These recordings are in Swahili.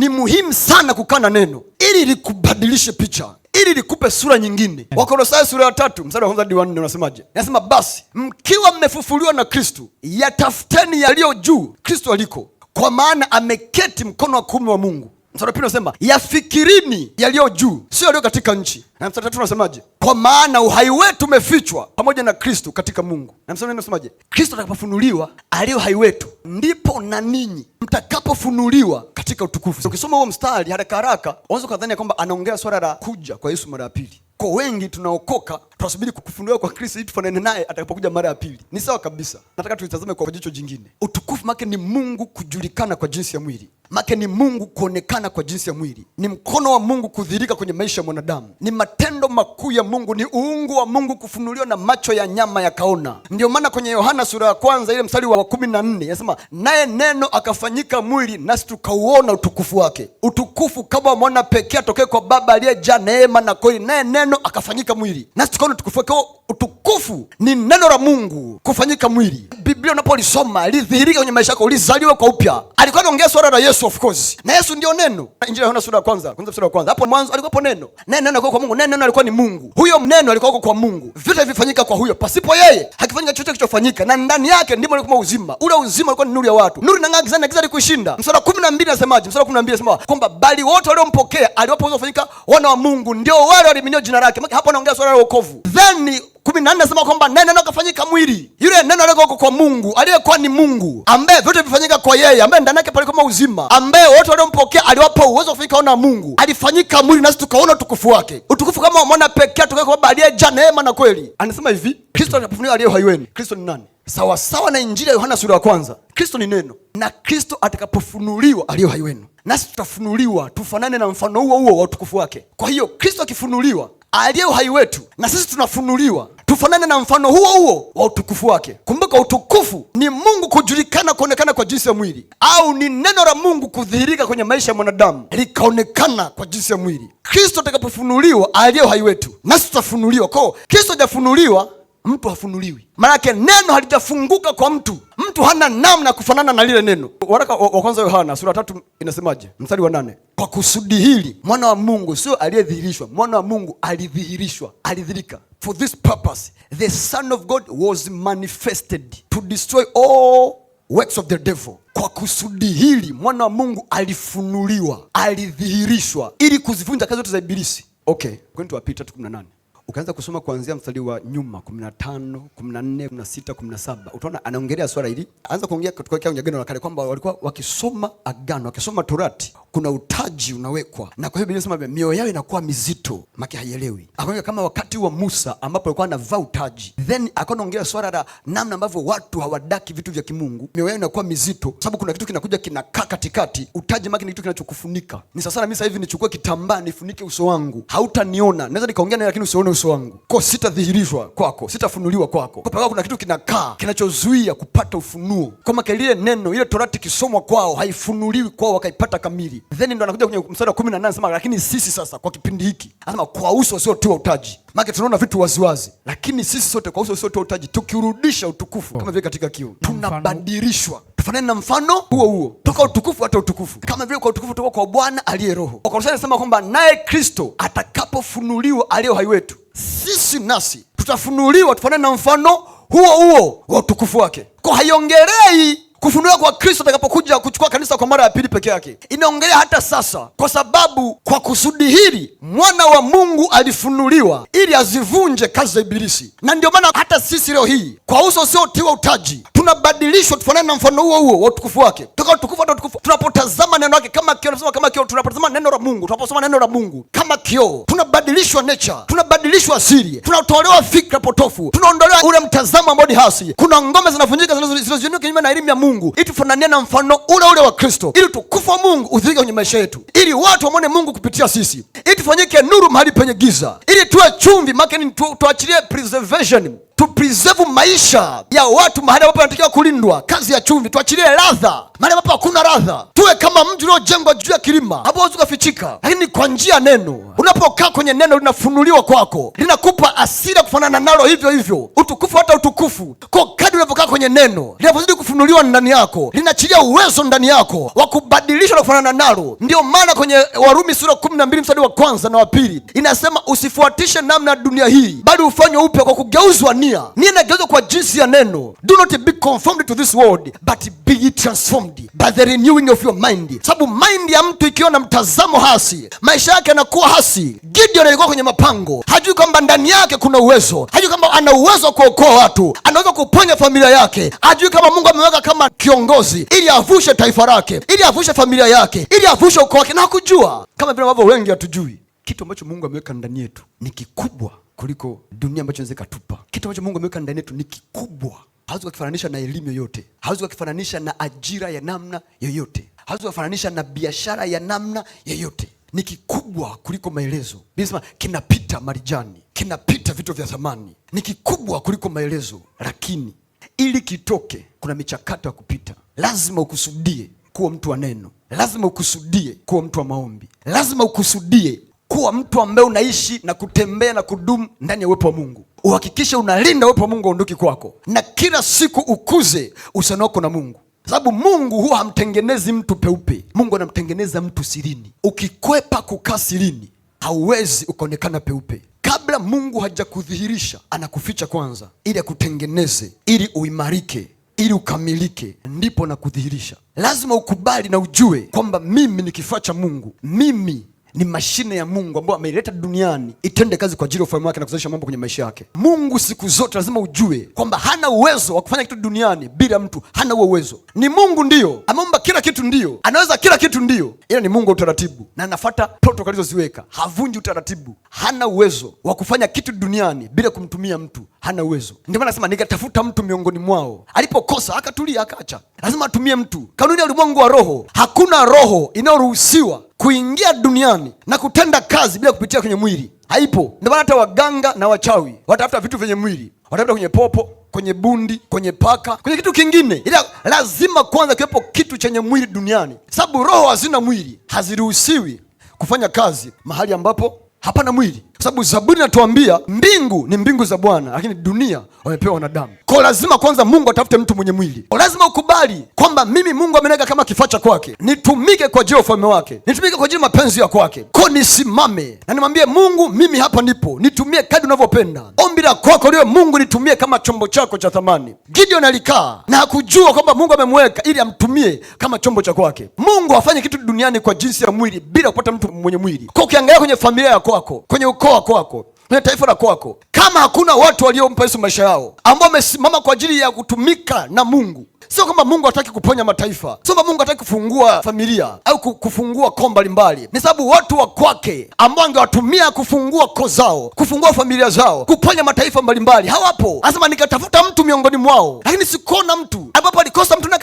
Ni muhimu sana kukaa na neno ili likubadilishe picha ili likupe sura nyingine. Eh. Wakolosai sura ya tatu mstari wa kwanza hadi wa nne unasemaje? Nasema basi mkiwa mmefufuliwa na Kristu, yatafuteni yaliyo juu, Kristu aliko, kwa maana ameketi mkono wa kuume wa Mungu mstari pili unasema yafikirini yaliyo juu, sio yaliyo katika nchi. Na mstari wa tatu unasemaje? Kwa maana uhai wetu umefichwa pamoja na Kristo katika Mungu. Na mstari nne unasemaje? Kristo atakapofunuliwa aliye uhai wetu, ndipo na ninyi mtakapofunuliwa katika utukufu. Ukisoma huo mstari haraka haraka, unaweza ukadhani kwamba anaongea swala la kuja kwa Yesu mara ya pili. Kwa wengi tunaokoka tunasubiri kufunuliwa kwa Kristo ili tufanane naye atakapokuja mara ya pili. Ni sawa kabisa. Nataka tuitazame kwa jicho jingine. Utukufu make ni Mungu kujulikana kwa jinsi ya mwili. Make ni Mungu kuonekana kwa jinsi ya mwili, ni mkono wa Mungu kudhirika kwenye maisha ya mwanadamu, ni matendo makuu ya Mungu, ni uungu wa Mungu kufunuliwa na macho ya nyama yakaona. ndio maana kwenye Yohana sura ya kwanza ile mstari wa kumi na nne inasema naye neno akafanyika mwili, nasi tukauona utukufu wake, utukufu kama mwana pekee atokee kwa Baba aliyejaa neema na kweli. Naye neno akafanyika mwili, nasi tukaona utukufu wake. Utukufu ni neno la Mungu kufanyika mwili. Biblia unapolisoma lidhihirike kwenye maisha yako, ulizaliwe kwa upya. Alikuwa anaongea swala la Yesu, of course, na Yesu ndio neno. Injili ya Yohana sura ya kwanza, kwanza sura ya kwanza, hapo mwanzo alikuwa hapo neno, naye neno alikuwa kwa Mungu, naye neno alikuwa ni Mungu. Huyo neno alikuwa kwa Mungu, vyote vifanyika kwa huyo, pasipo yeye hakifanyika chochote kilichofanyika, na ndani yake ndimo alikuwa uzima. Ule uzima alikuwa ni nuru ya watu, nuru inang'aa gizani na giza likushinda. Mstari wa 12 nasemaje? Mstari wa 12 nasema kwamba bali wote waliompokea aliwapa uwezo kufanyika wana wa Mungu, ndio wale waliaminio jina lake. Hapo anaongea swala la wokovu. Then 14 nasema kwamba neno akafanyika mwili, yule neno alikuwa kwa Mungu Mungu aliyekuwa ni Mungu ambaye vyote vifanyika kwa yeye, ambaye ndani yake palikuwa uzima, ambaye wote waliompokea aliwapa uwezo kufika na Mungu, alifanyika mwili nasi tukaona utukufu wake, utukufu kama mwana pekee toka kwa Baba aliyejaa neema na kweli. Anasema hivi, Kristo atakapofunuliwa aliye hai wenu. Kristo ni nani? Sawasawa na Injili ya Yohana sura ya kwanza, Kristo ni neno, na Kristo atakapofunuliwa aliye hai wenu, nasi tutafunuliwa tufanane na mfano huo huo wa utukufu wake. Kwa hiyo Kristo akifunuliwa aliye uhai wetu, na sisi tunafunuliwa tufanane na mfano huo huo wa utukufu wake. Kumbuka, utukufu ni Mungu kujulikana, kuonekana kwa jinsi ya mwili, au ni neno la Mungu kudhihirika kwenye maisha ya mwanadamu likaonekana kwa jinsi ya mwili. Kristo atakapofunuliwa, aliye uhai wetu, nasi tutafunuliwa. Kwao Kristo hajafunuliwa, mtu hafunuliwi, maanake neno halijafunguka kwa mtu. Mtu hana namna ya kufanana na lile neno. Waraka wa kwanza Yohana sura tatu inasemaje? Mstari wa nane kwa kusudi hili mwana wa Mungu sio aliyedhihirishwa, mwana wa Mungu alidhihirishwa, alidhirika for this purpose the son of god was manifested to destroy all works of the devil. Kwa kusudi hili mwana wa Mungu alifunuliwa, alidhihirishwa ili kuzivunja kazi zote za Ibilisi. Okay, kwenda tuwapita 18 ukaanza kusoma kuanzia mstari wa nyuma 15, 14, 16, 17, utaona anaongelea swala hili, anaanza kuongea katika Agano la Kale kwamba walikuwa wakisoma agano, wakisoma Torati, kuna utaji unawekwa, na kwa hiyo Biblia inasema mioyo yao inakuwa mizito, maki haielewi. Akaongea kama wakati wa Musa ambapo alikuwa anavaa utaji, then akaongea swala la namna ambavyo watu hawadaki vitu vya kimungu, mioyo yao inakuwa mizito, sababu kuna kitu kinakuja kinakaa katikati. Utaji maki ni kitu kinachokufunika. Ni sasa na mimi sasa hivi nichukue kitambaa nifunike uso wangu, hautaniona. Naweza nikaongea naye, lakini usione uso wangu, kwa sitadhihirishwa kwako, sitafunuliwa kwako, kwa sababu kuna kitu kinakaa kinachozuia kupata ufunuo, kama ile neno ile torati kisomwa kwao haifunuliwi kwao, wakaipata kamili hili. Then ndo anakuja kwenye mstari wa 18 anasema, lakini sisi sasa kwa kipindi hiki, anasema kwa uso usiotiwa utaji, maana tunaona vitu waziwazi, lakini sisi sote kwa uso usiotiwa utaji tukirudisha utukufu kama vile katika kiu tunabadilishwa tufanane na mfano huo huo toka utukufu hata utukufu, kama vile kwa utukufu toka kwa Bwana aliye Roho. Wakolosai anasema kwamba naye Kristo atakapofunuliwa aliye uhai wetu, sisi nasi tutafunuliwa tufanane na mfano huo huo wa utukufu wake. Kwa haiongelei Kufunuliwa kwa Kristo atakapokuja kuchukua kanisa kwa mara ya pili peke yake, inaongelea hata sasa, kwa sababu kwa kusudi hili mwana wa Mungu alifunuliwa ili azivunje kazi za Ibilisi. Na ndio maana hata sisi leo hii kwa uso usiotiwa utaji tunabadilishwa tufanane na mfano huo huo wa utukufu wake, toka utukufu hata utukufu. Tunapotazama neno lake kama kioo, tunasema kama kioo, tunapotazama neno la Mungu, tunaposoma neno la Mungu kama kioo, tunabadilishwa nature, tunabadilishwa asili, tunatolewa fikra potofu, tunaondolewa ule mtazamo ambao ni hasi. Kuna ngome zinavunjika zinazoinuka kinyume na elimu ya Mungu. Mungu ili tufananie na mfano ule ule wa Kristo, ili tukufa Mungu udhihirike kwenye maisha yetu, ili watu wamwone Mungu kupitia sisi, ili tufanyike nuru mahali penye giza, ili tuwe chumvi makini, tuachilie preservation tu preserve maisha ya watu mahali ambapo wanatakiwa kulindwa. Kazi ya chumvi, tuachilie ladha mahali ambapo hakuna ladha. Tuwe kama mji uliojengwa juu ya kilima, hauwezi ukafichika, lakini kwa njia neno. Unapokaa kwenye neno, linafunuliwa kwako, linakupa asira kufanana nalo, hivyo hivyo utukufu, hata utukufu kwa kadri unavyokaa kwenye neno, linavyozidi kufunuliwa ndani yako, linaachilia uwezo ndani yako wa kubadilishwa na kufanana nalo. ndio maana kwenye Warumi sura kumi na mbili mstari wa kwanza na wa pili inasema, usifuatishe namna ya dunia hii, bali ufanywe upya kwa kugeuzwa dunia. Niye nageuza kwa jinsi ya neno, do not be conformed to this world but be ye transformed by the renewing of your mind, sababu mind ya mtu ikiwa na mtazamo hasi, maisha yake yanakuwa hasi. Gideon alikuwa kwenye mapango, hajui kwamba ndani yake kuna uwezo, hajui kwamba ana uwezo wa kuokoa watu, anaweza kuponya familia yake, hajui kama Mungu ameweka kama kiongozi ili avushe taifa lake, ili avushe familia yake, ili avushe ukoo wake, na hakujua, kama vile ambavyo wengi hatujui kitu ambacho Mungu ameweka ndani yetu ni kikubwa kuliko dunia ambacho inaweza ikatupa. Kitu ambacho Mungu ameweka ndani yetu ni kikubwa, hawezi kukifananisha na elimu yoyote, hawezi kukifananisha na ajira ya namna yoyote, hawezi kukifananisha na biashara ya namna yoyote. Ni kikubwa kuliko maelezo. Biblia kinapita marijani, kinapita vitu vya thamani, ni kikubwa kuliko maelezo. Lakini ili kitoke, kuna michakato ya kupita. Lazima ukusudie kuwa mtu wa neno, lazima ukusudie kuwa mtu wa maombi, lazima ukusudie kuwa mtu ambaye unaishi na kutembea na kudumu ndani ya uwepo wa Mungu. Uhakikishe unalinda uwepo wa Mungu aunduki kwako, na kila siku ukuze uhusiano wako na Mungu, sababu Mungu huwa hamtengenezi mtu peupe. Mungu anamtengeneza mtu sirini. Ukikwepa kukaa sirini, hauwezi ukaonekana peupe. Kabla Mungu hajakudhihirisha anakuficha kwanza, ili akutengeneze, ili uimarike ili ukamilike, ndipo nakudhihirisha. Lazima ukubali na ujue kwamba mimi ni kifaa cha Mungu, mimi ni mashine ya Mungu ambayo ameileta duniani itende kazi kwa ajili ya ufalme wake na kuzalisha mambo kwenye maisha yake. Mungu siku zote lazima ujue kwamba hana uwezo wa kufanya kitu duniani bila mtu. Hana huo uwezo. Ni Mungu ndiyo ameumba kila kitu, ndio anaweza kila kitu, ndio ila ni Mungu wa utaratibu na anafuata protokali alizoziweka. Havunji utaratibu. Hana uwezo wa kufanya kitu duniani bila kumtumia mtu. Hana uwezo. Ndio maana nasema nikatafuta mtu miongoni mwao, alipokosa akatulia akaacha. Lazima atumie mtu. Kanuni ya ulimwengu wa roho, hakuna roho inayoruhusiwa kuingia duniani na kutenda kazi bila kupitia kwenye mwili haipo. Ndio maana hata waganga na wachawi watafuta vitu vyenye mwili, watafuta kwenye popo, kwenye bundi, kwenye paka, kwenye kitu kingine, ila lazima kwanza kiwepo kitu chenye mwili duniani, sababu roho hazina mwili, haziruhusiwi kufanya kazi mahali ambapo hapana mwili, kwa sababu Zaburi inatuambia mbingu ni mbingu za Bwana, lakini dunia wamepewa wanadamu. Kwa lazima kwanza Mungu atafute mtu mwenye mwili. Lazima ukubali kwamba mimi Mungu ameniweka kama kifaa cha kwake, nitumike kwa ajili ya ufalme wake, nitumike kwa ajili mapenzi ya kwake. Ko, nisimame na nimwambie Mungu, mimi hapa nipo, nitumie kadri unavyopenda. Ombi la kwako liwe Mungu, nitumie kama chombo chako cha thamani. Gideon alikaa na hakujua kwamba Mungu amemweka ili amtumie kama chombo cha kwake. Mungu hafanye kitu duniani kwa jinsi ya mwili bila kupata mtu mwenye mwili. Kwa ukiangalia kwenye familia ya kwako, kwenye ukoo wako kwenye taifa la kwako, kama hakuna watu waliompa Yesu maisha yao, ambao wamesimama kwa ajili ya kutumika na Mungu Sio kwamba Mungu hataki kuponya mataifa, sio kwamba Mungu hataki kufungua familia au kufungua koo mbalimbali, ni sababu watu wa kwake ambao angewatumia kufungua koo zao, kufungua familia zao, kuponya mataifa mbalimbali hawapo. Anasema nikatafuta mtu miongoni mwao, lakini sikuona mtu. Ambapo alikosa mtu na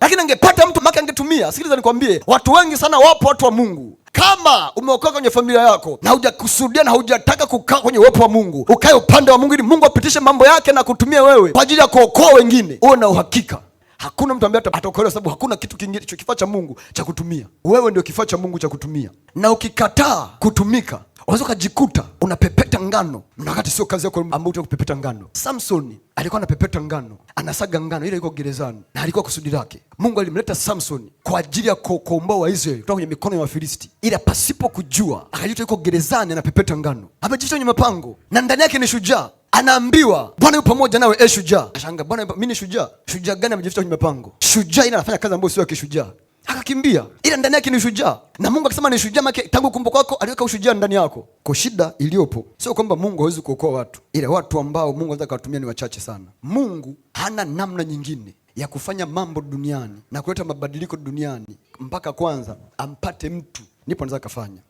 lakini angepata mtu make angetumia. Sikiliza nikwambie, watu wengi sana wapo, watu wa Mungu kama umeokoka kwenye familia yako na hujakusudia na hujataka kukaa kwenye uwepo wa Mungu, ukae upande wa Mungu ili Mungu apitishe mambo yake na kutumia wewe kwa ajili ya kuokoa wengine, uwe na uhakika Hakuna mtu ambaye atakuelewa, sababu hakuna kitu kingine cho kifaa cha Mungu cha kutumia. Wewe ndio kifaa cha Mungu cha kutumia, na ukikataa kutumika unaweza ukajikuta unapepeta ngano na wakati sio kazi yako ambayo utaka kupepeta ngano. Samson alikuwa anapepeta ngano, anasaga ngano ile, iko gerezani na alikuwa kusudi lake. Mungu alimleta Samson kwa ajili ya kukomboa Waisraeli kutoka kwenye mikono ya Wafilisti, ila pasipo kujua akajuta yuko gerezani anapepeta ngano, amejificha kwenye mapango na ndani yake ni shujaa anaambiwa Bwana yupo pamoja nawe, e shujaa. Ashanga, Bwana mimi ni shujaa? Shujaa gani amejificha kwenye mapango? Shujaa ila anafanya kazi ambayo sio ya kishujaa akakimbia ila ndani yake ni shujaa, na Mungu akisema ni shujaa, maana tangu kumbuko kwako aliweka ushujaa ndani yako. Kwa shida iliyopo sio kwamba Mungu hawezi kuokoa watu, ila watu ambao Mungu anaweza kuwatumia ni wachache sana. Mungu hana namna nyingine ya kufanya mambo duniani na kuleta mabadiliko duniani mpaka kwanza ampate mtu, ndipo anaweza kafanya.